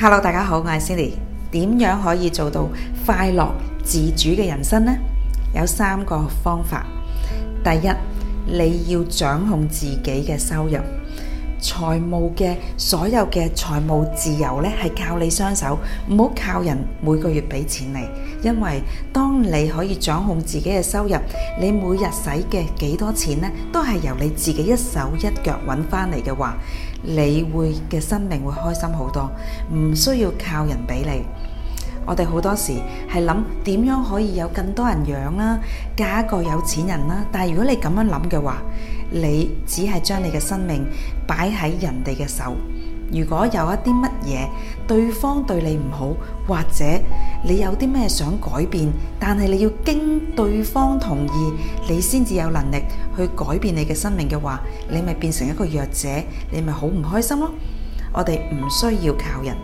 Hello，大家好，我係 Cindy。點樣可以做到快樂自主嘅人生呢？有三個方法。第一，你要掌控自己嘅收入。財務嘅所有嘅財務自由呢，係靠你雙手，唔好靠人每個月俾錢你。因為當你可以掌控自己嘅收入，你每日使嘅幾多錢呢，都係由你自己一手一腳揾翻嚟嘅話，你會嘅生命會開心好多，唔需要靠人俾你。我哋好多時係諗點樣可以有更多人養啦、啊，嫁一個有錢人啦、啊。但係如果你咁樣諗嘅話，你只係將你嘅生命擺喺人哋嘅手。如果有一啲乜嘢，對方對你唔好，或者你有啲咩想改變，但係你要經對方同意，你先至有能力去改變你嘅生命嘅話，你咪變成一個弱者，你咪好唔開心咯。我哋唔需要靠人，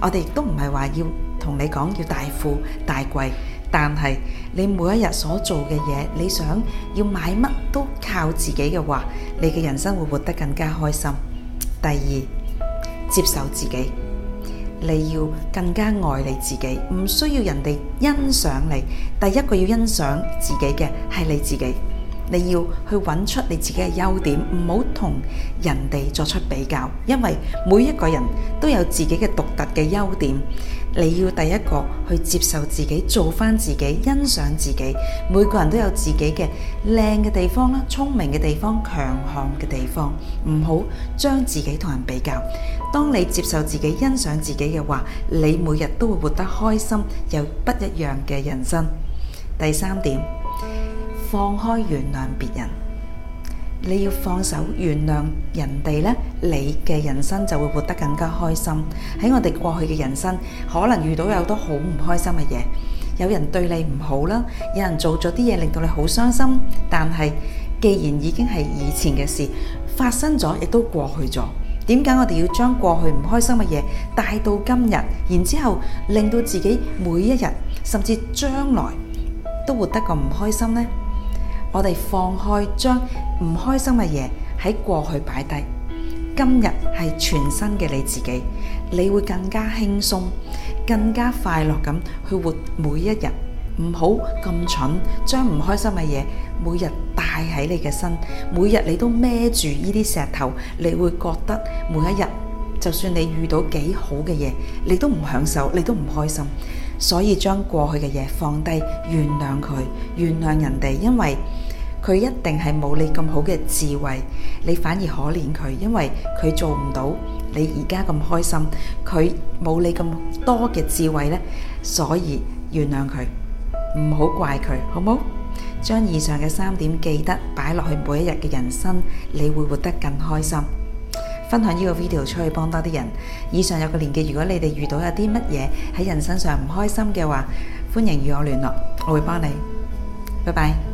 我哋亦都唔係話要。同你講要大富大貴，但係你每一日所做嘅嘢，你想要買乜都靠自己嘅話，你嘅人生會活得更加開心。第二，接受自己，你要更加愛你自己，唔需要人哋欣賞你。第一個要欣賞自己嘅，係你自己。你要去搵出你自己嘅優點，唔好同人哋作出比較，因為每一個人都有自己嘅獨特嘅優點。你要第一個去接受自己，做翻自己，欣賞自己。每個人都有自己嘅靚嘅地方啦，聰明嘅地方，強項嘅地方，唔好將自己同人比較。當你接受自己，欣賞自己嘅話，你每日都會活得開心，有不一樣嘅人生。第三點。放開原諒別人，你要放手原諒人哋咧，你嘅人生就會活得更加開心。喺我哋過去嘅人生，可能遇到有好多好唔開心嘅嘢，有人對你唔好啦，有人做咗啲嘢令到你好傷心。但係既然已經係以前嘅事，發生咗亦都過去咗，點解我哋要將過去唔開心嘅嘢帶到今日，然之後令到自己每一日甚至將來都活得咁唔開心呢？我哋放開，將唔開心嘅嘢喺過去擺低。今日係全新嘅你自己，你會更加輕鬆、更加快樂咁去活每一日。唔好咁蠢，將唔開心嘅嘢每日帶喺你嘅身，每日你都孭住呢啲石頭，你會覺得每一日，就算你遇到幾好嘅嘢，你都唔享受，你都唔開心。所以將過去嘅嘢放低，原諒佢，原諒人哋，因為佢一定係冇你咁好嘅智慧，你反而可憐佢，因為佢做唔到你而家咁開心，佢冇你咁多嘅智慧呢。所以原諒佢，唔好怪佢，好冇？將以上嘅三點記得擺落去每一日嘅人生，你會活得更開心。分享呢個 video 出去幫多啲人。以上有個連結，如果你哋遇到有啲乜嘢喺人身上唔開心嘅話，歡迎與我聯絡，我會幫你。拜拜。